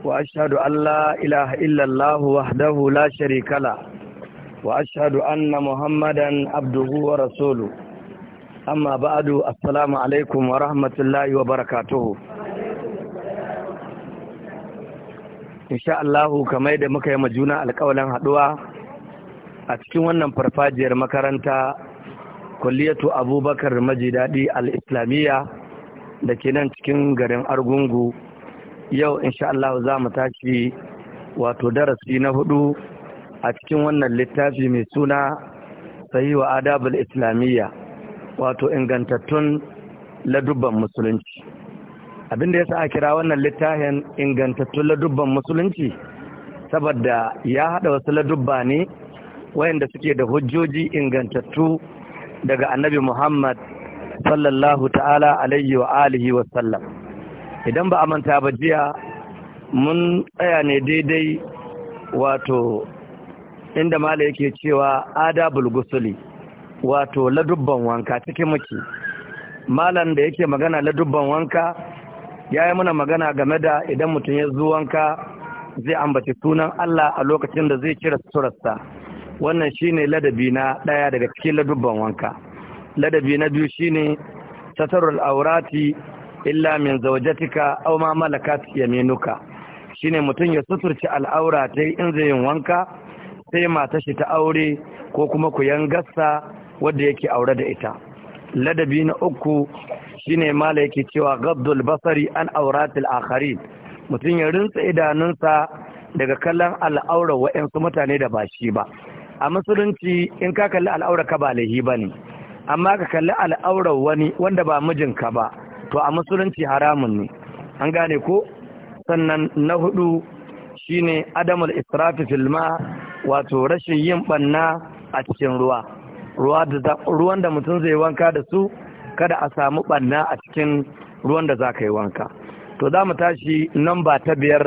Wa'ashadu Allah! Ilaha illa Allah! Wahadahu la shari'a, kala! Wa'ashadu Annamu, Hamdan, Abduhuwar, Sol. Amma ba'adu as-salamu alaikum wa rahmatullahi wa barakatuhu. Insha'Allah ka da muka yi ma juna alƙawalin haɗuwa a cikin wannan farfajiyar makaranta Kuliyatu Abubakar Majidadi Al-Islamiyya da ke nan cikin garin Argungu. yau insha Allah za mu tashi wato darasi na hudu a cikin wannan littafi mai suna wa adabul islamiyya wato ingantattun ladubban musulunci abinda yasa a kira wannan littafin ingantattun ladubban musulunci saboda ya haɗa wasu ladubba ne wayanda suke da hujjoji ingantattu daga annabi Muhammad sallallahu ta'ala alaihi wa alihi wa sallam idan ba a manta ba jiya mun tsaya ne daidai wato inda mala yake cewa ada bulgusuli, wato ladubban wanka cikin muke malan da yake magana ladubban wanka ya yi muna magana game da idan mutum ya zo wanka zai ambaci sunan Allah a lokacin da zai cire surarsa wannan shine ladabi na ɗaya daga cikin ladubban wanka ladabi na biyu shine satarul aurati illa min zaujatika aw ma malakat yaminuka shine mutum ya suturci al'aura ta in zai yin wanka sai mata shi ta aure ko kuma ku yangarsa wadda yake aure da ita ladabi na uku shine mala yake cewa gabdul basari an auratil akharin mutum ya rinsa idanunsa daga kallon al'aura wa'yansu mutane da ba shi ba a musulunci in ka kalli al'aura ka ba lahi ba ne amma ka kalli al'aura wani wanda ba mijinka ba to a musulunci haramun ne an gane ko sannan na hudu shine adamul israfi filma wato rashin yin banna a cikin ruwa ruwan da mutum zai wanka da su kada a samu banna a cikin ruwan da za yi wanka to za mu tashi nan ba ta biyar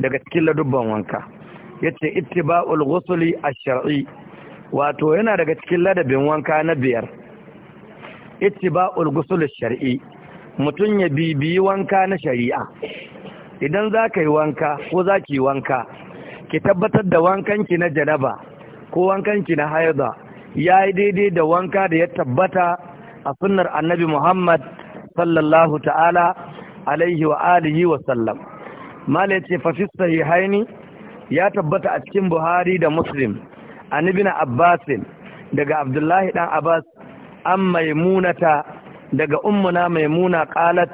daga cikin ladubban wanka ya ittiba'ul ghusli ash-shar'i wato yana daga cikin ladabin wanka na biyar ittiba'ul ghusli ash-shar'i mutum ya bibiyi wanka na shari'a idan za ka yi wanka ko za ki yi wanka ki tabbatar da wankanki na janaba ko wankanki na haida ya yi daidai da wanka da ya tabbata a sunnar annabi muhammad sallallahu ta'ala alaihi wa alihi wa sallam mala ce fafis haini ya tabbata a cikin buhari da muslim annabi na abbasin daga abdullahi dan abbas an maimunata daga ummuna maimuna qalat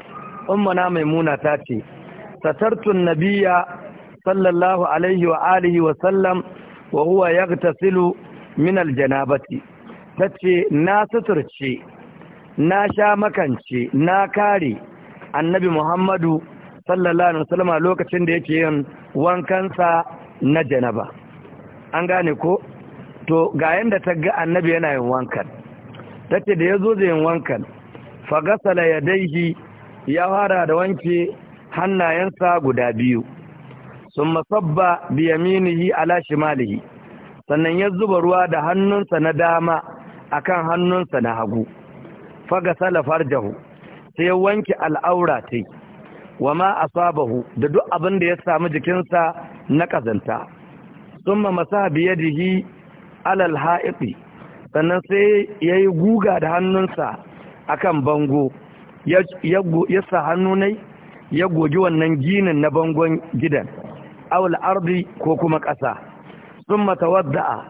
ummuna maimuna ta ce satartun Nabiya, sallallahu alaihi wa alihi wa sallam wa huwa silu, min aljanabati ce na suturce na sha makance na kare annabi Muhammadu sallallahu alaihi wa sallam, a lokacin da yake yin wankansa na janaba an gane ko to ga yanda ta ga annabi yana yin wankan Ta ce da ya zo da yin wankan fagasala ya daihi ya fara da wanke hannayensa guda biyu sun masabba biyaminihi ala shimalihi sannan ya zuba ruwa da hannunsa na dama a kan hannunsa na hagu fagasala farjahu sai ya wanke al'aura ta wa ma a sabahu da duk abin da ya samu jikinsa na ƙazanta sun biya biyadihi alal ha'iɓi sannan sai ya yi guga da hannunsa akan bango ya sa hannu ne ya gogi wannan ginin na bangon gidan awul ardi ko kuma ƙasa sun matawadda'a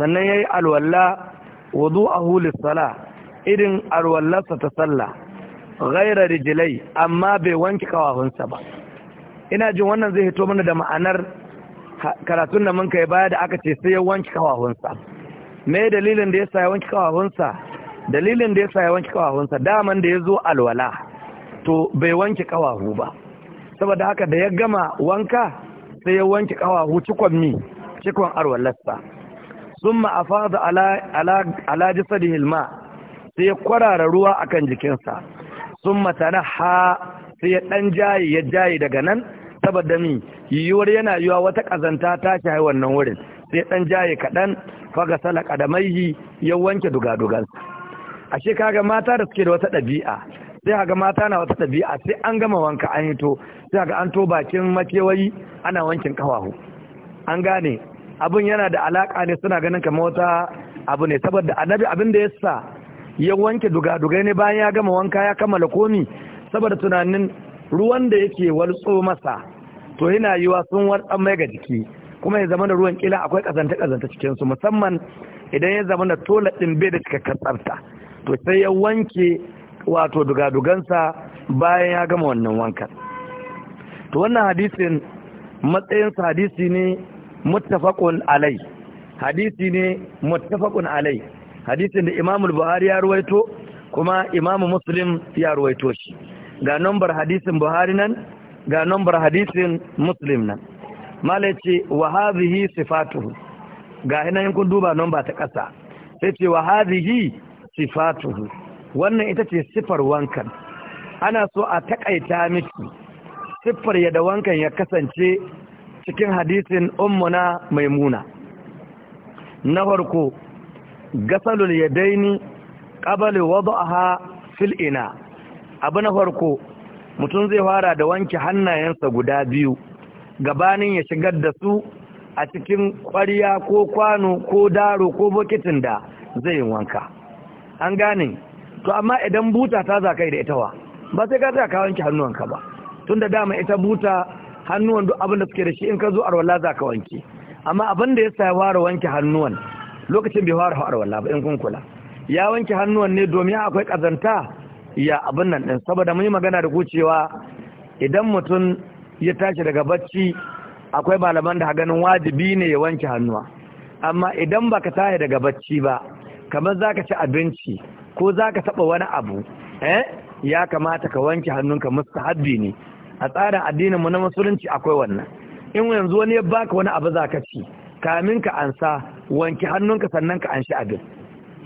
sannan ya yi alwalla wudu a hulisala irin alwallarsa ta sallah gairar jilai, amma bai wanke kawahunsa ba ina jin wannan zai hito mana da ma'anar karatun da mun kai baya da aka ce sai ya wanke kawahunsa me dalilin da ya sa ya wanke kawahunsa dalilin da ya sa ya wanke kawahunsa daman da ya zo alwala to bai wanke kawahu ba saboda haka da ya gama wanka sai ya wanke kawahu cikon mi cikon arwalarsa sun ma'afa alaji sadi hilma sai ya kwarara ruwa a kan jikinsa sun tana ha sai ya ɗan jayi ya jayi daga nan saboda mi yiwuwar yana yiwa wata ƙazanta ta shahi wannan wurin sai ɗan jayi kaɗan faga salaka da ya wanke dugadugansa A ashe kaga mata da suke da wata ɗabi'a sai kaga mata na wata ɗabi'a sai an gama wanka an hito sai kaga an to bakin makewayi ana wankin kawahu an gane abin yana da alaka ne suna ganin kamar wata abu ne saboda annabi abin da ya sa ya wanke dugadugai ne bayan ya gama wanka ya kammala komi saboda tunanin ruwan da yake walso masa to yana yiwa sun wartsan mai ga jiki kuma ya zama da ruwan kila akwai kazanta kazanta cikinsu musamman idan ya zama da tola ɗin bai da cikakken tsafta to sai ya wanke wato dugadugansa bayan ya gama wannan wankan to wannan hadisin matsayinsa hadisi ne muttafaqun alai hadisi ne muttafaqun alai hadisin da Imam Buhari ya ruwaito kuma Imam Muslim ya ruwaito shi ga nambar hadisin Buhari nan ga nambar hadisin Muslim nan malaci ce wa hadhihi sifatuhu ga ina kun duba namba ta kasa. sai ce wa hadhihi sifatuhu wannan ita ce sifar wankan ana so a takaita miki siffar yadda wankan ya kasance cikin hadisin ummuna maimuna na farko gasalul yadaini qabla wad'aha fil ina abu na farko mutum zai fara da wanke hannayensa guda biyu gabanin ya shigar da su a cikin kwariya ko kwano ko daro ko bokitin da zai yi wanka an gane to amma idan buta ta za kai da ita wa ba sai ka tsaya ka wanke hannuwanka ba tun da dama ita buta hannuwan duk abin da suke da shi in ka zo arwala za ka wanke amma abin da ya sa ware wanke hannuwan lokacin bai ware arwala ba in kun kula ya wanke hannuwan ne domin akwai kazanta ya abin nan din saboda mun yi magana da ku idan mutum ya tashi daga bacci akwai malaman da ganin wajibi ne ya wanke hannuwa amma idan baka tashi daga bacci ba kamar za ka ci abinci ko za ka taba wani abu eh, ya kamata ka wanke hannunka mustahabbi ne a tsarin addinin mu na musulunci akwai wannan in yanzu wani ya baka wani abu zaka ci kamin ka ansa wanke hannunka sannan ka anshi abin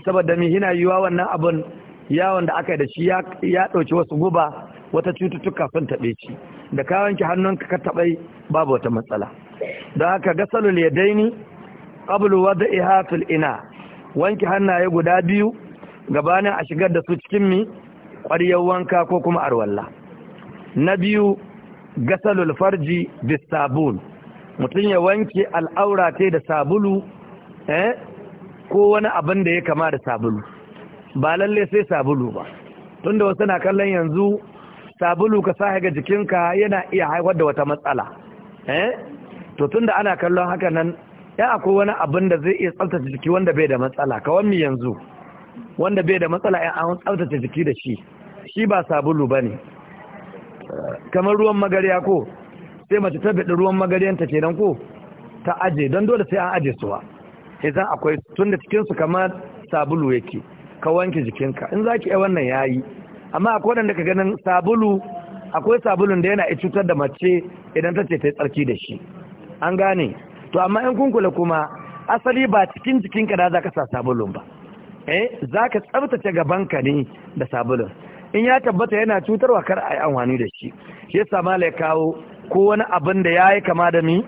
saboda me hina yiwa wannan abun yawon da aka yi da shi ya ɗauki wasu guba wata cututtuka sun taɓe shi da ka wanke hannunka ka taɓa babu wata matsala da haka gasalul ya daini qablu wad'iha fil ina Wanki hannaye guda biyu gabanin a shigar da su cikin mi ƙwaryar wanka ko kuma arwalla na biyu gasalul farji da sabul mutum ya wanke al'aura da sabulu eh ko wani abin da ya kama da sabulu ba lalle sai sabulu ba tunda wasu na kallon yanzu sabulu ka sa ga jikinka yana iya haifar da wata matsala eh to tunda ana kallon haka nan ya akwai wani abin da zai iya tsaftace jiki wanda bai da matsala kawan mi yanzu wanda bai da matsala ya an tsaftace jiki da shi shi ba sabulu ba ne kamar ruwan magarya ko sai mace ta biɗi ruwan magaryanta kenan ko ta aje don dole sai an aje suwa idan akwai tun da cikinsu kamar sabulu yake ka wanke jikinka in za ki yi wannan ya yi amma akwai wadanda ka ganin sabulu akwai sabulun da yana cutar da mace idan ta ce ta yi tsarki da shi an gane to amma in kunkula kuma asali ba cikin jikin ka da ka sa sabulun ba eh za zaka tsabtace ka ne da sabulun in ya tabbata yana cutarwa kar a yi amfani da shi Ya yasa mala kawo ko wani abin da yayi kama da ni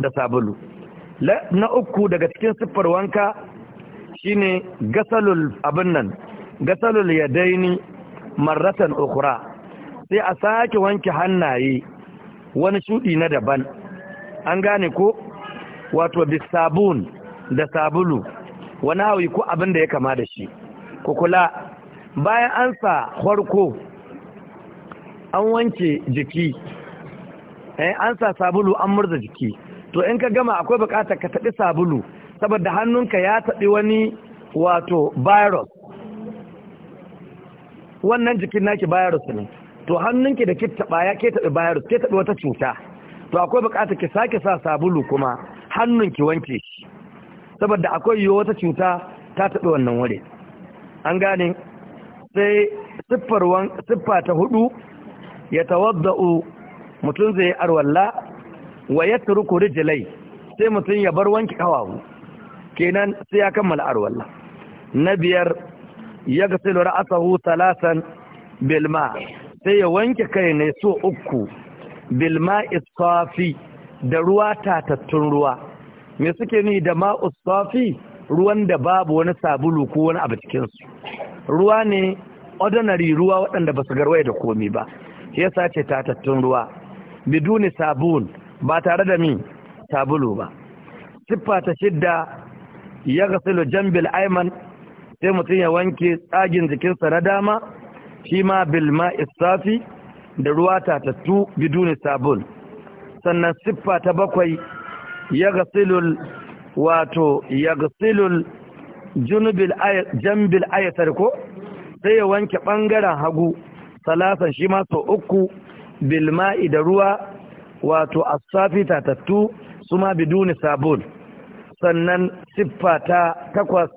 da sabulu na uku daga cikin siffar wanka shine gasalul abin nan gasalul yadaini marratan ukura sai a sake wanke hannaye wani shudi na daban an gane ko wato bisabun da sabulu wani hawi ko abin da ya kama da shi kukula kula bayan an sa farko an wanke jiki eh, an sa sabulu an murza jiki to in ka gama akwai bukatar ka taɓi sabulu saboda hannunka ya taɓi wani wato virus wannan jikin naki virus ne to hannunki da ke taɓa ya ke taɓi virus ke taɓi wata cuta to akwai bukatar ki sake sa sabulu kuma hannun ki wanke shi saboda akwai yiwuwa wata cuta ta taɓa wannan wuri an gane sai siffa ta hudu ya tawadda'u mutum zai arwalla wa ya turuku rijilai sai mutum ya bar wanki kawawu kenan sai ya kammala arwalla na biyar ya ga silura asahu talasan bilma sai ya wanke kai ne so uku bilma isafi da ruwa tatattun ruwa me suke ni da ma'us safi ruwan da babu wani sabulu ko wani abu cikin ruwa ne ordinary ruwa waɗanda ba su garwaye da komi ba yasa ce tatattun ruwa biduni sabun ba tare da mi sabulu ba siffa ta shidda ya da jambil aiman sai mutum ya wanke tsagin jikinsa na dama shi ma bilma isafi da ruwa tatattu biduni sabun sannan siffa ta bakwai ya silul, wato ya gasilul jambil ayatar ko sai ya wanke ɓangaren hagu salasan shi ma sau uku bilma'i da ruwa wato asafi tatattu su ma biduni sabon sannan siffa ta takwas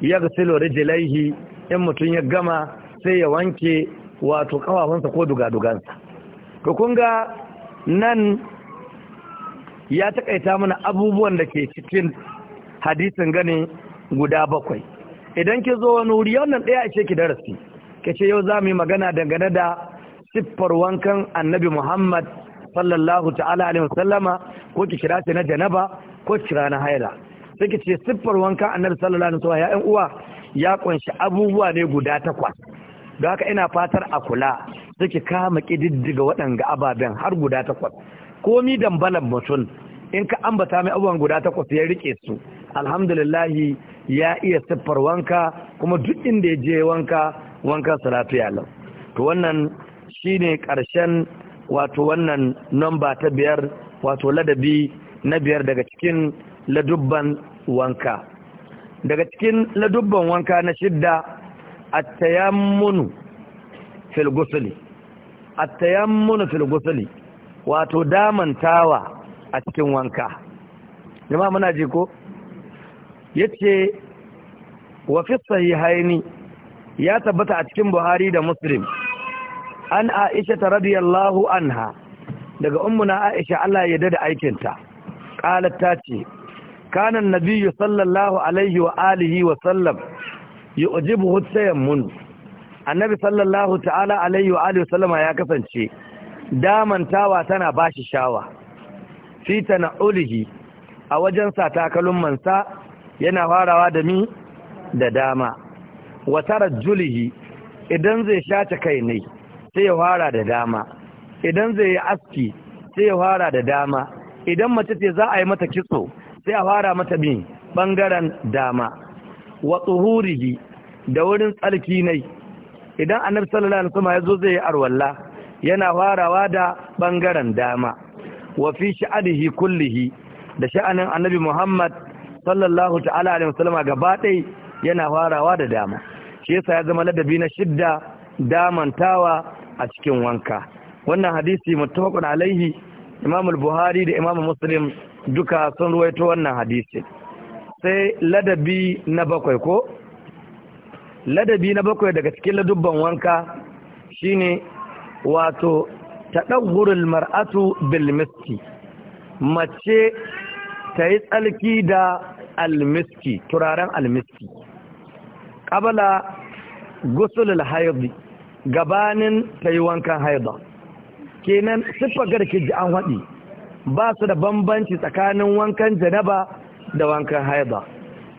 ya silo rijilaihi in mutum ya gama sai ya wanke wato kawafansa ko dugadugansa to kun ga nan ya takaita mana abubuwan da ke cikin hadisin ganin guda bakwai idan ki zo wani wuri wannan ɗaya ce ki darasi ke ce yau za mu yi magana dangane da siffar wankan annabi muhammad sallallahu ta'ala alaihi wasallama ko ki kira ce na janaba ko ki kira na haila sai ki ce siffar wankan annabi sallallahu alaihi wasallama uwa ya kunshi abubuwa ne guda takwas don haka ina fatar a kula suke kama ƙididdiga waɗanga ababen har guda takwas komi dambalan mutum in ka ambata mai abubuwan guda takwas ya riƙe su alhamdulillahi ya iya siffar wanka kuma duk inda ya je wanka wanka salatu ya lau to wannan shine ƙarshen wato wannan nomba ta biyar wato ladabi na biyar daga cikin ladubban wanka daga cikin ladubban wanka na shidda a tayammunu fil A tayan fil ghusli wato damantawa a cikin wanka jama'a muna jiko. ko yace wa fi sahihaini ya tabbata a cikin Buhari da Muslim an Aisha radiyallahu anha daga ummuna Aisha Allah ya dada aikinta Ƙalata ta ce kana an-nabiyyu sallallahu alaihi wa alihi wa sallam yu'jibuhu tayammun annabi sallallahu ta'ala alaihi wa alihi sallama ya kasance damantawa tana bashi shawa fitana ulhi a wajen sa takalun mansa yana farawa da mi da dama wa tarajjulihi idan zai shata kai ne sai ya fara da dama idan zai yi aski sai ya fara da dama idan mace ce za a yi mata kitso sai a fara mata bin bangaren dama wa tsuhurihi da wurin tsarki ne idan annabi sallallahu alaihi wasallam ya zo zai yi arwalla yana farawa da bangaren dama wa fi sha'anihi kullihi da sha'anin annabi Muhammad sallallahu ta'ala alaihi gaba yana farawa da dama shi yasa ya zama ladabi na shidda damantawa a cikin wanka wannan hadisi muttafaqun alaihi Imam buhari da Imam Muslim duka sun ruwaito wannan hadisi sai ladabi na bakwai ko ladabi na bakwai daga cikin ladubban wanka shine wato ɗaggurul mar'atu bilmiski mace ta yi tsalki da almiski turaren almiski ƙabala gusulul haidi gabanin ta yi wankan haida kenan siffa garki ji an haɗi, ba su da bambanci tsakanin wankan janaba da wankan haida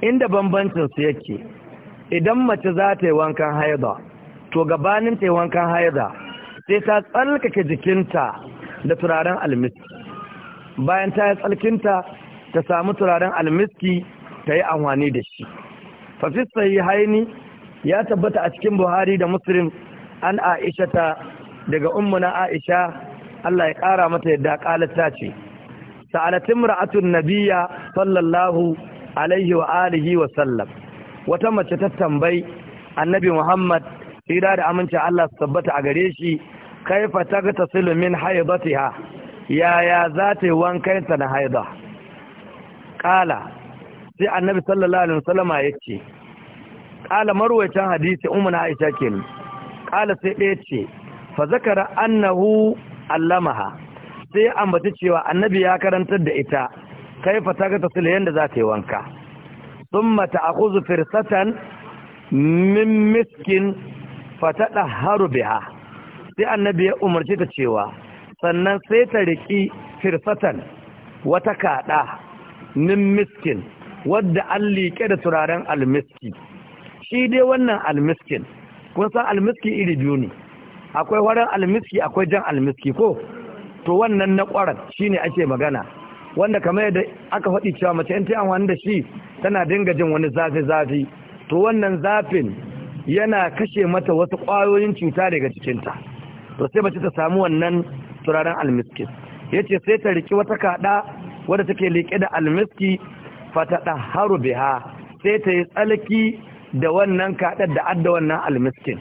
inda bambancinsu yake idan mace za ta yi wankan haida to gabanin ta yi wankan haida sai ta tsalkake jikinta da turaren almiski bayan ta yi tsalkinta ta samu turaren almiski ta yi amfani da shi fafis yi haini ya tabbata a cikin buhari da muslim an aisha ta daga ummuna aisha Allah ya ƙara mata yadda ƙalata ce sa'alatin ra'atun nabiya sallallahu alaihi wa alihi wa sallam wata mace ta tambayi annabi Muhammad tsira da amincin Allah su tabbata a gare shi kaifa tagtasilu min haidatiha yaya za ta yi wankanta na haida kala sai annabi sallallahu alaihi wasallama ce. kala marwayacin hadisi ummu na Aisha kenan kala sai ɗaya ce fa zakara annahu allamaha sai ambata cewa annabi ya karantar da ita kaifa tagtasilu yanda za ta yi wanka ثم تأخذ فرصة min miskin fataɗa haru biha sai annabi ya umarci ta cewa sannan sai ta riƙi firsatan wata kaɗa min wadda an liƙe da turaren almiski shi dai wannan almiskin kun san almiski iri biyu ne akwai warin almiski akwai jan almiski ko to wannan na ƙwarar ne ake magana wanda kamar yadda aka faɗi cewa mace in ta yi amfani da shi tana dinga jin wani zafi-zafi to wannan zafin yana kashe mata wasu ƙwayoyin cuta daga cikinta to sai mace ta samu wannan turaren almiski ya ce sai ta riki wata kaɗa wadda take liƙe da almiski fata ɗan haru biha sai ta yi tsalki da wannan kaɗar da adda wannan almiskin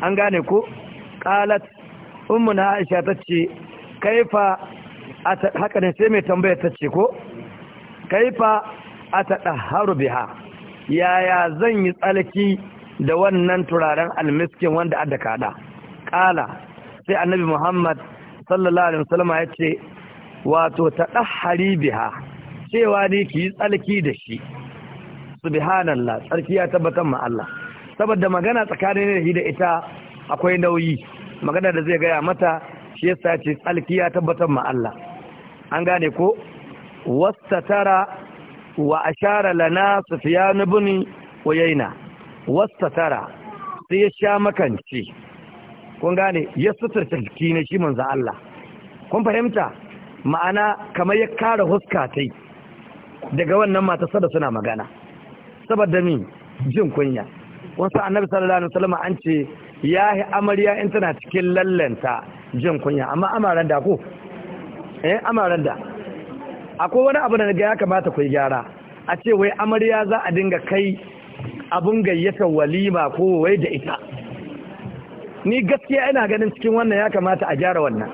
an gane ko ƙalat ummu na aisha ta ce kaifa haka ne sai mai tambaya ta ce ko kaifa haru biha yaya zan yi tsalki da wannan turaren almiskin wanda adda kada kala sai annabi Muhammad sallallahu alaihi wasallam ya ce wato tadahhari biha cewa ne ki yi tsalki da shi subhanallah tsarki ya tabbatar ma Allah saboda magana tsakanin da ita akwai nauyi magana da zai gaya mata shi yasa ce tsalki ya tabbatar ma Allah an gane ko wastatara wa ashara lana sufyan ibn uyayna wastatara sai ya sha makanci kun gane ya suturta jiki ne shi manzo Allah kun fahimta ma'ana kamar ya kare huska tai daga wannan mata sada suna magana saboda min jin kunya wasu annabi sallallahu alaihi wasallam an ce yahi amarya in tana cikin lallanta jin kunya amma amaran da ko eh amaran da akwai wani abu da naga ya kamata ku gyara a ce wai amarya za a dinga kai abun gayyata walima ko wai da ita ni gaskiya ina ganin cikin wannan ya kamata a gyara wannan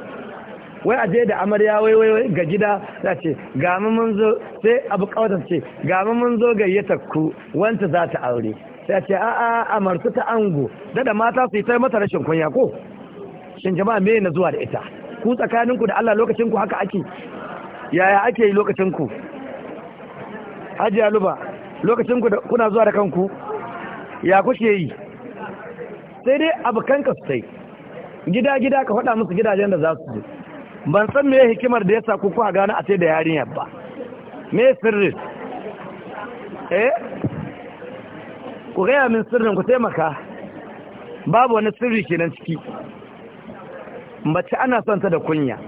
wai a da amarya wai wai ga gida za ce ga mun zo sai abu kawatar ce ga mun zo gayyatar ku wanta za ta aure sai ce a'a amarsu ta ango da da mata su yi ta mata rashin kunya ko shin jama'a me na zuwa da ita ku tsakaninku da Allah lokacin ku haka ake yaya ake lokacin ku Haji Aluba lokacin ku kuna zuwa da kanku ya kuke yi sai dai abokanka su sai gida gida ka faɗa musu gidajen da za su je ban san me hikimar da yasa ku kuka gane a sai da yarinyar ba me sirri eh ku gaya min sirrin ku taimaka babu wani sirri kenan ciki mace ana son ta da kunya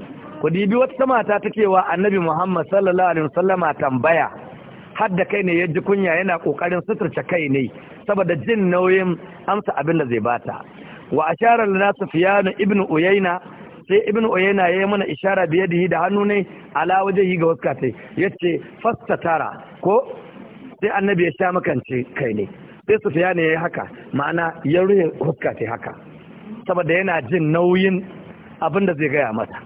ku dibi wata mata ta wa annabi Muhammad sallallahu alaihi wasallam tambaya har da kai ne ya ji kunya yana kokarin suturce kai ne saboda jin nauyin amsa abin da zai bata wa ashara lana sufyan ibn uyayna sai ibn uyayna ya yi mana ishara biyadihi da hannu ne ala wajhi ga waska sai yace fastatara ko sai annabi ya sha makance kai ne sai sufyan ya yi haka ma'ana ya ruhe waska haka saboda yana jin nauyin abin da zai gaya mata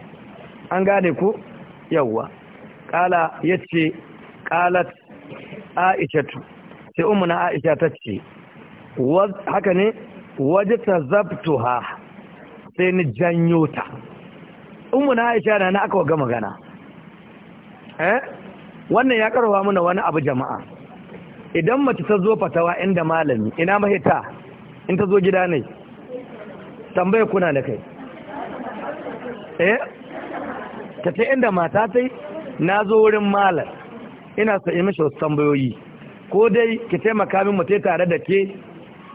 an gane ku yawwa kala ya ce kalat aishatu sai umuna aisha ta ce haka ne waje ta ha sai ni janyo ta umuna aisha na na aka ga magana eh wannan ya karwa mana wani abu jama'a idan mace ta zo fatawa inda malami ina mahita in ta zo gida ne tambaye kuna na kai tsaye ta ta inda mata ta na zo wurin malam ina sa yi mishi wasu tambayoyi ko dai ki taimaka min mu tare da ke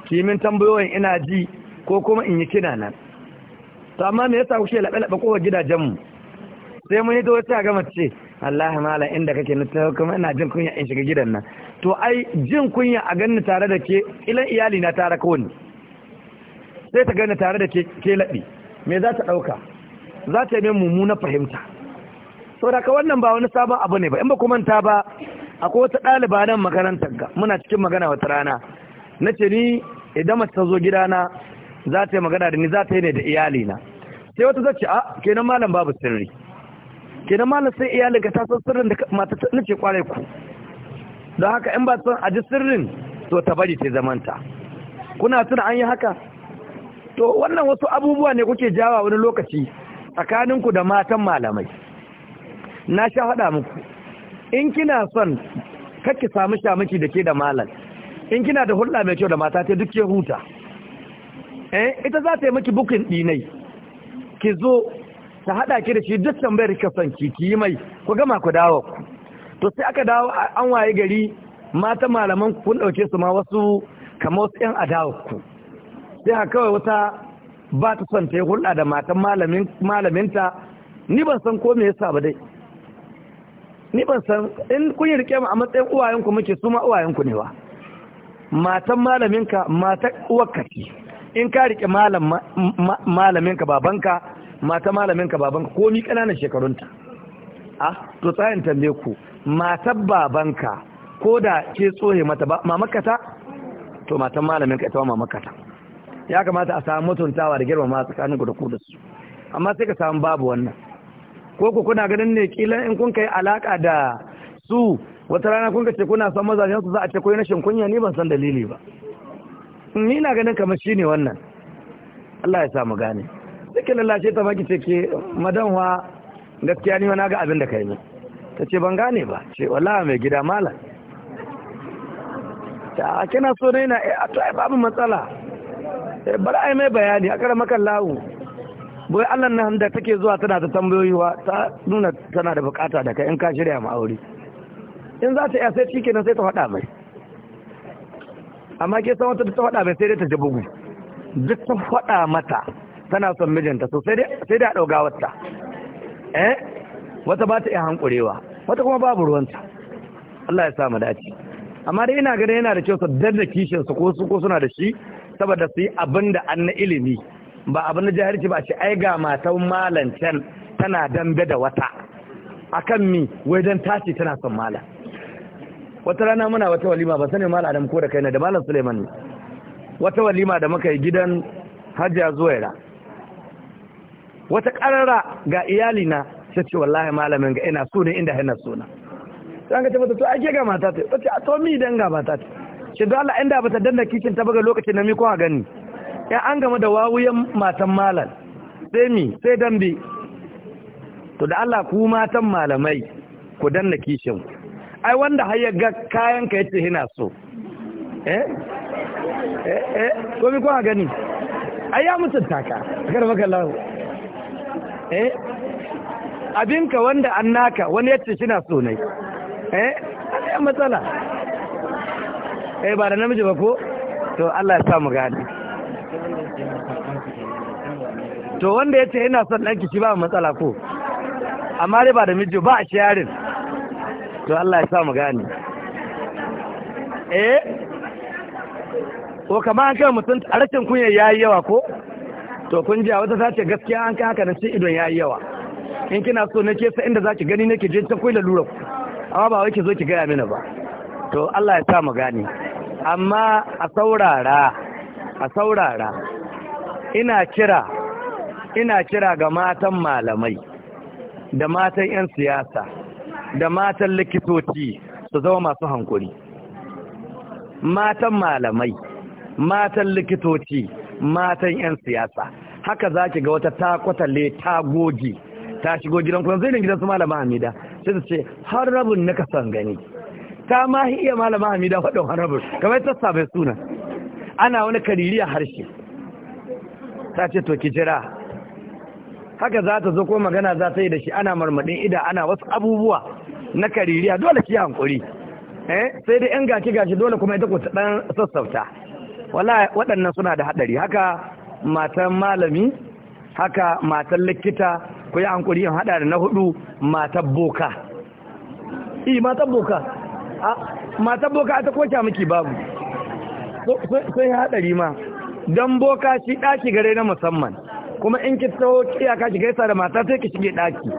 ki min tambayoyin ina ji ko kuma in yi kina nan to amma me yasa kuke labe labe kowa gidajen mu sai mun yi ta wata ga mace Allah malam inda kake na ta kuma ina jin kunya in shiga gidan nan to ai jin kunya a ganni tare da ke ilan iyali na tare ko sai ta ganni tare da ke ke labi me za ta dauka za ta yi mummuna fahimta da ka wannan ba wani sabon abu ne ba in ba ku manta ba akwai wata ɗaliba nan makarantar ga muna cikin magana wata rana na ce ni idan mace ta zo gidana za ta yi magana da ni za ta yi ne da iyalina sai wata zace a ah, kenan malam babu sirri kenan malam sai iyalinka ta san sirrin da mata ta nace kwarai ku don haka in ba son a ji sirrin to ta bari ta zamanta kuna tuna an yi haka to wannan wasu abubuwa ne kuke jawa wani lokaci tsakaninku da matan malamai na sha haɗa muku in kina son kakki samu shamaki da ke da malam in kina da hulɗa mai kyau da mata ta duk ke huta eh ita za ta yi miki bukin ɗinai ki zo ta haɗa ki da shi duk tambayar ka son ki ki yi mai ku gama ku dawo to sai aka dawo an waye gari mata malaman kun ɗauke su ma wasu kamar wasu 'yan dawa ku sai a kawai wata ba ta son ta yi hulɗa da matan malaminta ni ban san ko me yasa ba dai ni ban san in kun yi rike mu a matsayin uwayenku muke su ma uwayenku ne wa matan malaminka mata uwarka ce in ka rike malaminka babanka mata malaminka babanka ko ni ƙananan shekarunta a ah, to tsayin tambaye ku matan babanka ko da ke tsohe mata ba mamakata to matan malaminka ita ma mamakata ya kamata a samu mutuntawa da girmama tsakanin ku da da su amma sai ka samu babu wannan ko ku kuna ganin ne kila in kun kai alaka da su wata rana kun ce kuna son mazajen su za a ce koyi rashin kunya ni ban san dalili ba ni na ganin kamar shine wannan Allah ya samu gane take ce ta baki ce ke madanwa gaskiya ni wani ga abin da kai ne ta ce ban gane ba ce wallahi mai gida malam ta kina so ne na eh, a babu matsala bar ai mai bayani a makan kallahu bai Allah na hamda take zuwa tana ta tambayoyi wa ta nuna tana da bukata da kai in ka shirya mu aure in za ta iya sai na sai ta faɗa mai amma ke san wata ta faɗa mai sai dai ta ji bugu duk ta faɗa mata tana son mijinta so sai dai a ɗauka wata eh wata ba ta iya hankurewa wata kuma babu ruwanta Allah ya sa mu dace amma dai ina ganin yana da kyau su danna kishin su ko su ko suna da shi saboda su yi abin da an na ilimi ba abin da jahilci ba ce ai ga matan malam tana dambe da wata akan mi dan tashi tana son malam wata rana muna wata walima ba sani mala adam ko da kaina da malam suleiman ne wata walima da muka yi gidan hajiya zuwaira wata karara ga iyalina ta ce wallahi malamin ga ina so ne inda hana suna sai an ga ta mata to ake ga mata ta ce a to mi dan ga mata ta shi da Allah inda ba ta danna kikin ta baga lokacin na mi a gani ya an gama da wawuyan matan malam sai mi sai dambe to da Allah ku matan malamai ku danna kishin ai wanda har ya ga kayan ka yace hina so eh eh eh ko mi kuma gani ai ya mutunta ka kar baka Allah eh abinka wanda annaka naka wani yace shi na so ne eh matsala eh ba da namiji ba ko to Allah ya sa mu gane to wanda ya ce ina son ɗanki shi ba matsala ko amma dai ba da miji ba a yarin. to Allah ya sa mu gane eh ko kama an kai mutum a rashin kunya ya yi yawa ko to kun ji a wata sace gaskiya an kai haka na ce idon ya yi yawa in kina so na ke sa inda za ki gani nake je ta kuyi lalura amma ba wai ki zo ki gaya mini ba to Allah ya sa mu gane amma a saurara a saurara ina kira ina kira ga matan malamai da matan 'yan siyasa da matan likitoci su zama masu hankuri matan malamai matan likitoci matan 'yan siyasa haka za ki ga wata ta kwatale ta goji ta shigo gidan kuma zai gidan su malama hamida sai su ce har rabin na kasan gani ta ma iya malama hamida faɗin harabar kamar ta sabai suna ana wani a harshe ta ce to ki jira haka za ta zo ko magana za ta yi da shi ana marmadin ida ana wasu abubuwa na a dole ki hankuri eh sai dai yan gashi gashi dole kuma ita ku ta dan sassauta wallahi waɗannan suna da haɗari haka matan malami haka matan likita ku yi hankuri in haɗa da na hudu matan boka i matan boka matan boka ta koka miki babu sai haɗari ma don boka shi ɗaki gare na musamman kuma in ki taho iyaka ki gaisa da mata sai ki shige ɗaki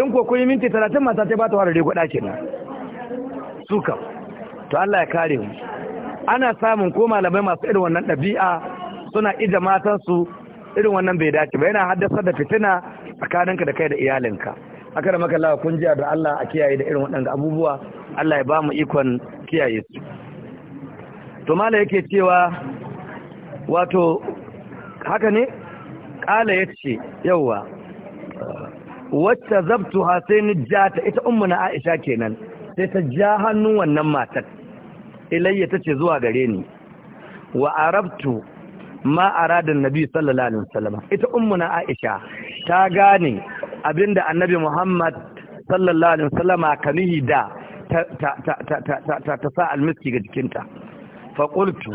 in ko kun yi minti talatin mata sai ba ta warare ku ɗaki na suka to Allah ya kare mu ana samun ko malamai masu irin wannan ɗabi'a suna ija matansu irin wannan bai dace ba yana haddasa da fitina tsakaninka da kai da iyalinka haka da maka kun jiya da Allah a kiyaye da irin waɗanda abubuwa Allah ya ba mu ikon kiyaye su to mala yake cewa wato haka ne kala yace yauwa, wacce ha sai ni jata ita ummu na Aisha kenan sai ta ja hannun wannan matar ilayya tace zuwa gare ni wa arabtu ma da nabi sallallahu alaihi wasallam ita ummu na Aisha ta gane abinda annabi Muhammad sallallahu alaihi wasallama kanihi da ta sa almiski ga jikinta faƙultu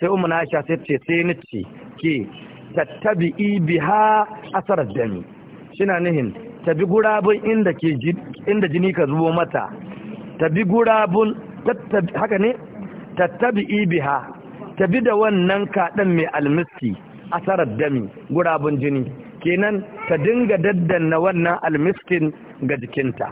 sai umar na aisha sai ce sai ni ce ke tattabi ha asarar dami shina nihin tabi gurabun inda jini ka zubo mata tabi gurabun haka ne tattabi biha tabi da wannan kaɗan mai almiski asarar dami gurabun jini kenan ta dinga daddanna wannan almiskin ga jikinta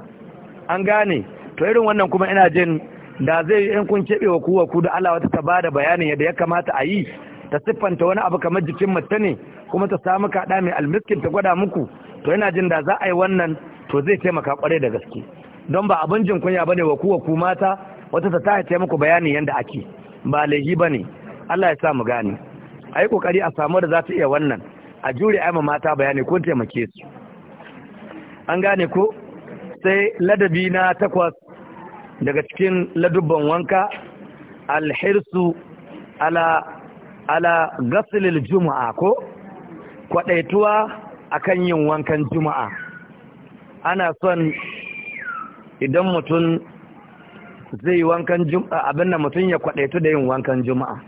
an gane to irin wannan kuma ina jin da zai yi kun keɓe waku kuwa ku da Allah wata ta ba da bayanin yadda ya kamata a yi ta siffanta wani abu kamar jikin mace ne kuma ta samu kaɗa mai almiskin ta gwada muku to yana jin da za a yi wannan to zai taimaka kwarai da gaske don ba abin jin kunya bane wa kuwa ku mata wata ta ta muku bayani yadda ake ba laihi bane Allah ya sa mu gane a yi kokari a samu da za ta iya wannan a jure ma mata bayani ko taimake su an gane ko sai ladabi na takwas daga cikin ladubban wanka alhirsu ala ala gasilil juma'a ko kwadaituwa akan yin wankan juma'a ana son idan mutum zai wankan juma'a abinda mutum ya kwadaitu da yin wankan juma'a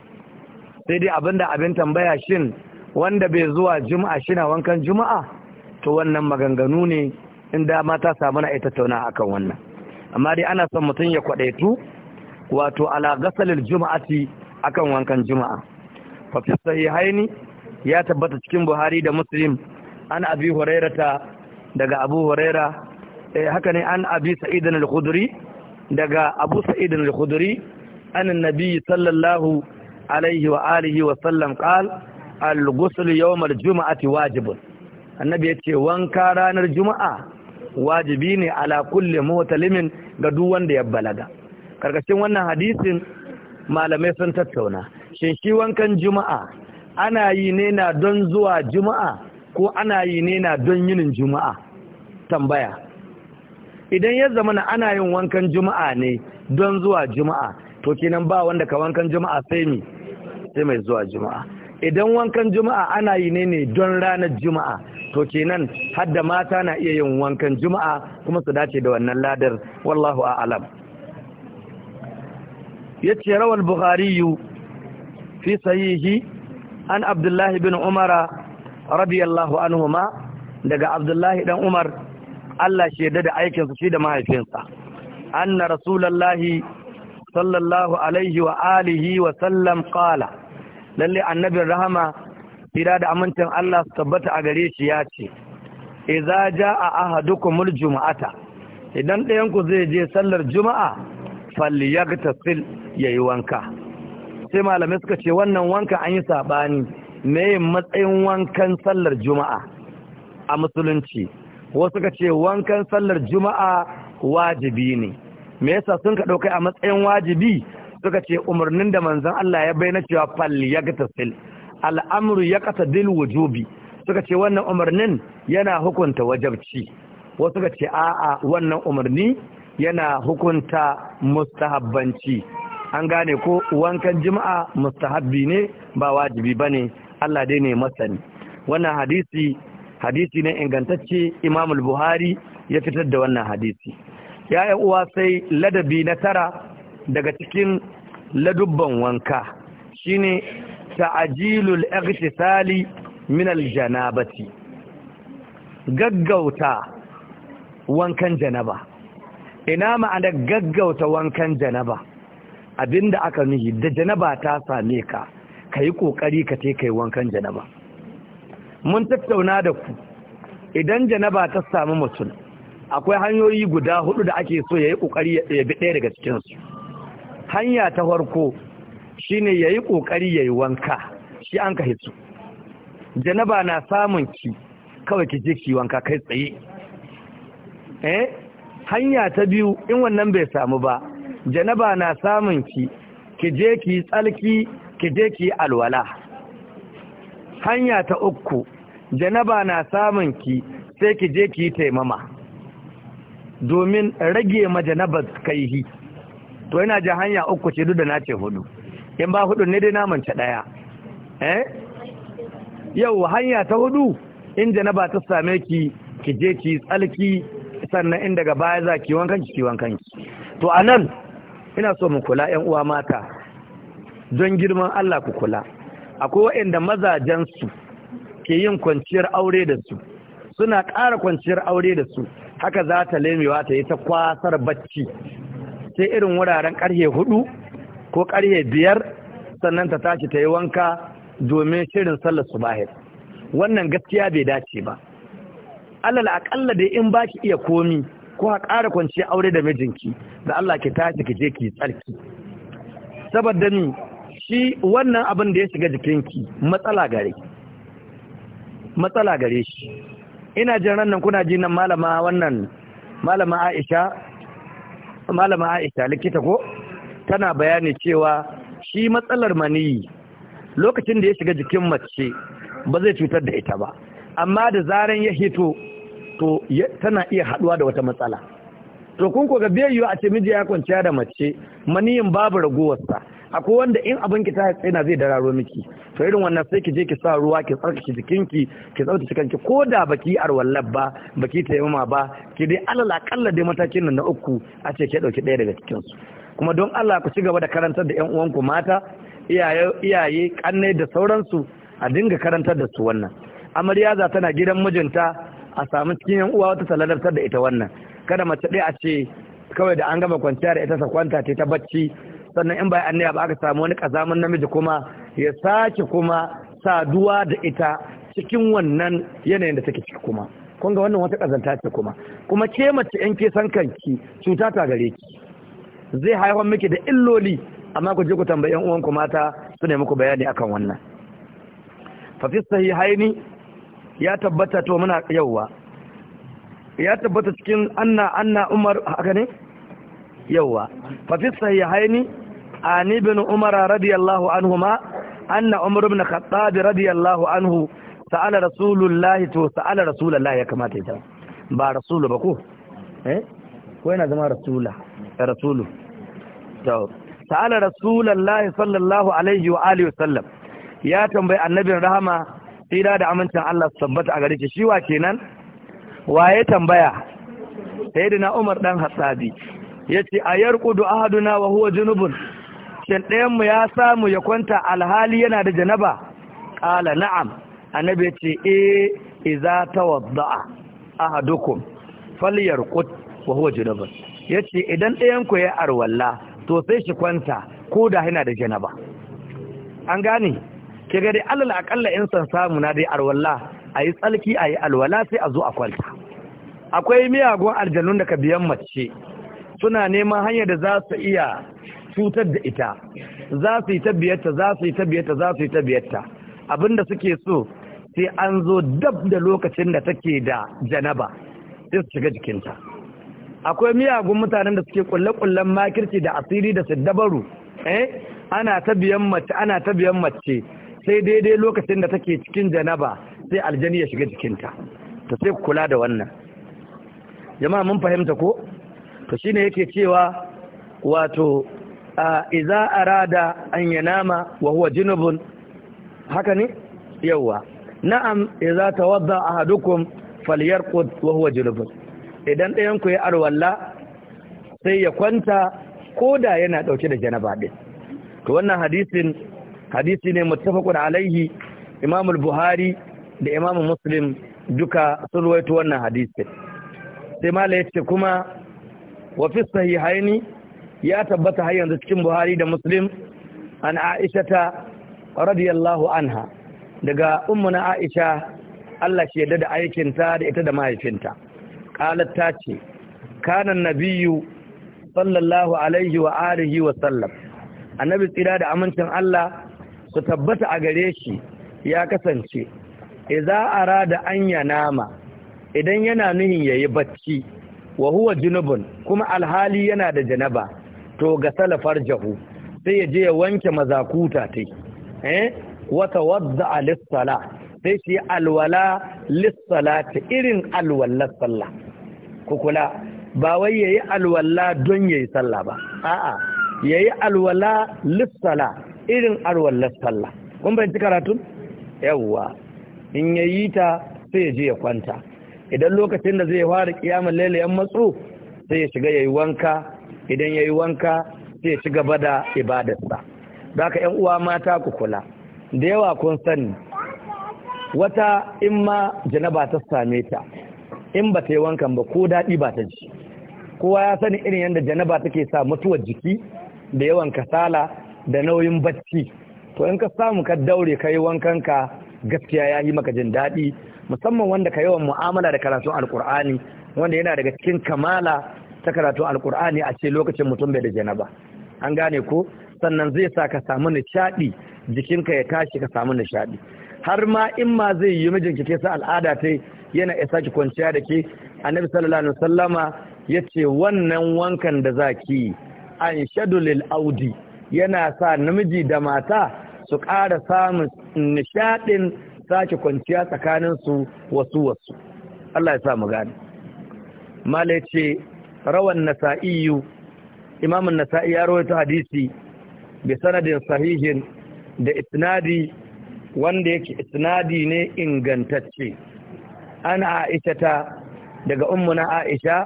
sai dai abinda abin tambaya shin wanda bai zuwa juma'a shina wankan juma'a to wannan maganganu ne in mata ta samu na ita tattauna akan wannan amma dai ana son mutum ya kwadaitu wato ala gasalil juma'ati akan wankan juma'a fa fi sahihaini ya tabbata cikin buhari da muslim an abi hurairata daga abu huraira eh haka ne an abi sa'idin al-khudri daga abu sa'idin al-khudri an annabi sallallahu alaihi wa alihi wa sallam qal al-ghusl yawm al-jum'ati wajib annabi yace wanka ranar juma'a wajibi ne ala kulli mutalimin ga duk wanda ya balaga karkashin wannan hadisin malamai sun tattauna shin shi wankan juma'a ana yi ne don zuwa juma'a ko ana yi ne don yinin juma'a tambaya idan ya zama na ana yin wankan juma'a ne don zuwa juma'a to kenan ba wanda ka wankan juma'a sai mi sai mai zuwa juma'a idan wankan juma'a ana yi ne ne don ranar juma'a to kenan hadda mata na iya yin wankan juma'a kuma su dace da wannan ladar wallahu a'lam yace rawal bukhari fi sahihi an abdullahi bin Umar, radiyallahu anhuma daga abdullahi dan umar Allah shi da aikinsa shi da mahaifinsa anna rasulullahi sallallahu alaihi wa alihi wa sallam qala lalle annabin rahama Fira da amincin Allah su tabbata a gare shi ya ce, "Iza ja a aha ahadukumul juma'ata, idan ɗayanku zai je sallar juma'a, falli ya ga tafsil ya yi wanka." Sai malamai suka ce wannan wanka an yi saɓani, mai matsayin wankan sallar juma'a a musulunci. Wasu suka ce wankan sallar juma'a wajibi ne. Me yasa sun ka ɗauka a matsayin wajibi suka ce umarnin da manzon Allah ya bayyana cewa falli ya ga tafsil. al'amru ya ƙasa dil wujubi suka ce wannan umarnin yana hukunta wajabci wasu suka ce a'a wannan umarni yana hukunta mustahabbanci an gane ko wankan jima'a mustahabbi ne ba wajibi ba ne. Allah dai ne masani wannan hadisi hadisi ne ingantacce Imamul buhari ya fitar da wannan hadisi ya uwa sai ladabi na tara daga cikin ladubban wanka shine ta'ajilul ightisali min ce. gaggauta wankan janaba ina ma'ana gaggauta wankan janaba abinda aka nuhi da janaba ta same ka kayi kokari ka ce kai wankan janaba mun tattauna da ku idan janaba ta samu mutum akwai hanyoyi guda hudu da ake so ya yi kokari ya bi ɗaya daga cikin su hanya ta farko shine ƙoƙari ya yi wanka shi an ka hitsu janaba na samun ki kawai ki je ki wanka kai tsaye eh hanya ta biyu in wannan bai samu ba janaba na samun ki ki je ki tsalki ki je ki alwala hanya ta uku janaba na samun ki sai ki je ki taimama domin rage ma janabar hi, to yana ji hanya uku ce duk da na ce hudu in ba hudu ne dai ta daya eh yau hanya ta hudu in janaba ta same ki ki je ki tsalki sannan in daga baya za ki wankan ki wankan ki to anan ina so mu kula ƴan uwa mata don girman Allah ku kula akwai waɗanda mazajen su ke yin kwanciyar aure da su suna ƙara kwanciyar aure da su haka za ta lemewa ta yi ta kwasar bacci sai irin wuraren ƙarfe hudu ko ƙarye biyar sannan ta tashi ta yi wanka domin shirin sallar su subahir wannan gaskiya bai dace ba alal aƙalla dai in baki iya komi ko a ƙara kwanciya aure da mijinki da Allah ki tashi ki je ki tsarki saboda ni shi wannan abin da ya shiga jikinki matsala gare matsala gare shi ina jin ran nan kuna ji nan malama wannan malama Aisha malama Aisha likita ko tana bayani cewa shi matsalar maniyi lokacin da ya shiga jikin mace ba zai cutar da ita ba amma da zaran ya hito to tana iya haduwa da wata matsala to kun ko ga biyayyo a ce miji ya kwanciya da mace maniyin babu ragowarsa akwai wanda in abin ki ta tsina zai dararo miki to irin wannan sai ki je ki sa ruwa ki tsarkake jikinki ki tsaftace kanki ko da baki arwallar ba baki taimama ba ki dai alal akalla dai matakin nan na uku a ce ki dauki daya daga cikin su kuma don Allah ku ci gaba da karantar da 'yan uwanku mata iyaye kannai da sauransu a dinga karantar da su wannan amarya za tana gidan mijinta a samu cikin 'yan uwa wata talalartar da ita wannan kada mace ɗaya a ce kawai da an gama kwanciya da ita sa kwanta ta ta bacci sannan in bai annaya ba aka samu wani kazamin namiji kuma ya sake kuma saduwa da ita cikin wannan yanayin da take ciki kuma kun ga wannan wata kazanta ce kuma kuma ke mace yan ke san kanki cuta ta gare ki zai haifar miki da illoli amma ku je ku tambayi yan uwanku mata su ne muku bayani akan wannan fa fi sahihaini ya tabbata to muna yawwa ya tabbata cikin anna anna umar haka ne yawwa fa fi sahihaini an ibn umar radiyallahu anhuma anna umar ibn khattab radiyallahu anhu sa'ala rasulullahi to sa'ala rasulullah ya kamata ita ba rasulu ba ko eh ko yana zama rasula rasulu Ta'ala rasulullahi sallallahu alaihi wa alihi wasallam ya tambayi annabin rahama tsira da amincin Allah su tabbata a gare shi shi wa kenan waye tambaya sayyidina Umar dan Hassabi yace ayarqudu ahaduna wa huwa junubun shin ɗayan mu ya samu ya kwanta alhali yana da janaba qala na'am annabi yace eh idza tawadda'a ahadukum Falyar wa huwa junubun ya ce idan ɗayanku ya arwalla to sai shi kwanta ko da yana da janaba an gane ke gari alal akalla in san samu na dai arwalla a yi tsalki a yi alwala sai a zo a kwanta akwai miyagun aljanun da ka biyan mace suna neman hanyar da za su iya cutar da ita za su yi tabiyarta za su yi tabiyarta za su yi Abin abinda suke so sai an zo dab da lokacin da take da janaba sai su shiga jikinta akwai miyagun mutanen da suke kulle-kullen makirci da asiri da siddabaru eh ana ta biyan mace ana ta biyan sai daidai lokacin da take cikin janaba sai aljani ya shiga jikinta ta sai kula da wannan jama'a mun fahimta ko to shine yake cewa wato a arada an yanama wa huwa junubun haka ne yawa na'am idza tawadda ahadukum falyarqud wa huwa junubun idan ɗayan ku ya arwalla sai ya kwanta ko da yana ɗauke da janaba ɗin to wannan hadisin hadisi ne mutafakun alaihi Imamul Buhari da Imam Muslim duka sun ruwaito wannan hadisin sai mala ya ce kuma wa fi sahihaini ya tabbata har yanzu cikin Buhari da Muslim an Aisha radiyallahu anha daga ummuna Aisha Allah shi yadda da aikinta da ita da mahaifinta qalat ta ce kana nabiyyu sallallahu alaihi wa alihi wa sallam annabi tsira da amincin Allah su tabbata a gare shi ya kasance idza arada an yanama idan yana nuhin yayi bacci wa huwa junubun kuma alhali yana da janaba to ga salafar jahu sai ya je ya wanke mazakuta tai eh wa tawadda lis-salah sai shi alwala lis-salati irin alwallar sallah ku kula ba wai yayi alwala don yayi sallah ba a'a yayi alwala lissala irin alwallar sallah kun bayanci karatun yawwa in yayi ta sai ya je ya kwanta idan lokacin da zai fara kiyamar lailayen matsu sai ya shiga yayi wanka idan yayi wanka sai ya ci gaba da ibadarsa daga yan uwa mata ku kula da yawa kun sani wata in ma janaba ta same ta in ba ta yi wankan ba ko daɗi ba ta ji kowa ya sani irin yadda janaba take sa mutuwar jiki da yawan kasala da nauyin bacci to in ka samu ka daure ka yi wankan ka gaskiya ya yi maka jin daɗi musamman wanda ka yawan mu'amala da karatun alkur'ani wanda yana daga cikin kamala ta karatun alkur'ani a ce lokacin mutum bai da janaba an gane ko sannan zai sa ka samu nishaɗi jikinka ya tashi ka samu nishaɗi har ma in ma zai yi mijinki ke sa al'ada ta yana isa ki kwanciya da ke annabi sallallahu alaihi wasallama yace wannan wankan da zaki an shadulil audi yana sa namiji da mata su ƙara samun nishadin sake kwanciya tsakanin su wasu wasu Allah ya sa mu gane mala ce rawan nasa'iyu imam nasai ya rawaito hadisi bi sanadin sahihin da isnadi wanda yake isnadi ne ingantacce an عائشة daga أمنا aisha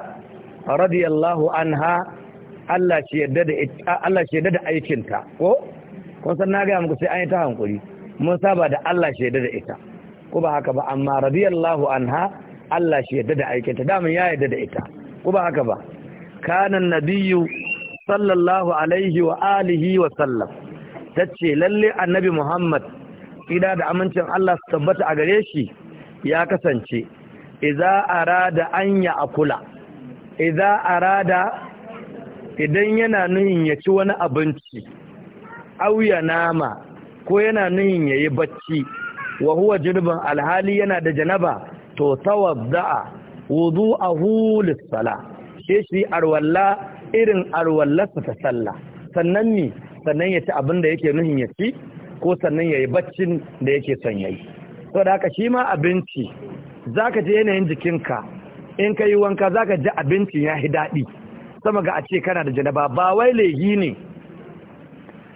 radiyallahu anha Allah shi yadda da Allah shi yadda da aikinta ko kun san na gaya muku sai an yi ta hankuri mun saba da Allah shi yadda da ita ko ba haka ba amma radiyallahu anha Allah shi yadda da aikinta damun ya yadda da ita ko ba haka ba kanan Nabiyu sallallahu alaihi wa alihi wa sallam ce lalle annabi Muhammad ida da amincin Allah su tabbata a gare shi ya kasance idza arada an ya akula arada idan yana nuhin ya ci wani abinci auya nama ko yana nuhin ya yi bacci wa huwa jirbin alhali yana da janaba to tawadda'a a lis-sala shi shi arwalla irin arwallarsa ta salla, sannan ne sannan ya ci abin da yake nuhin ya ci ko sannan ya yi baccin da yake son ya sau da haka shi ma abinci za ka ji yanayin jikinka in ka yi wanka za ka ji abincin ya yi daɗi sama ga a ce kana da janaba ba wai lehi ne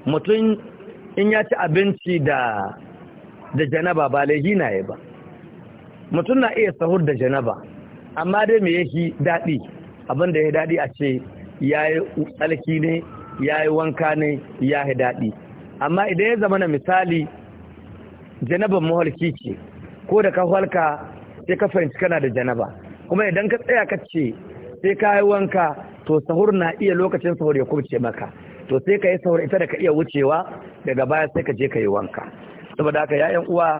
mutum in ya ci abinci da janaba ba laihi na yi ba mutum na iya sahur da janaba amma dai me yake daɗi abin da ya daɗi a ce ya yi tsalki ne ya yi wanka ne ya yi daɗi amma idan ya zama na misali janaban mahalki ce ko da ka halka sai ka fahimci kana da janaba kuma idan ka tsaya ka ce sai ka yi wanka to sahur na iya lokacin sahur ya kubce maka to sai ka yi sahur ita da ka iya wucewa daga baya sai ka je ka yi wanka saboda haka ya'yan uwa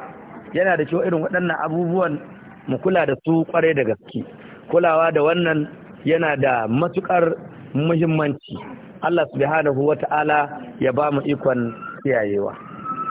yana da kyau irin waɗannan abubuwan mu kula da su kwarai da gaske kulawa da wannan yana da matukar muhimmanci Allah subhanahu wata'ala ya ba mu ikon kiyayewa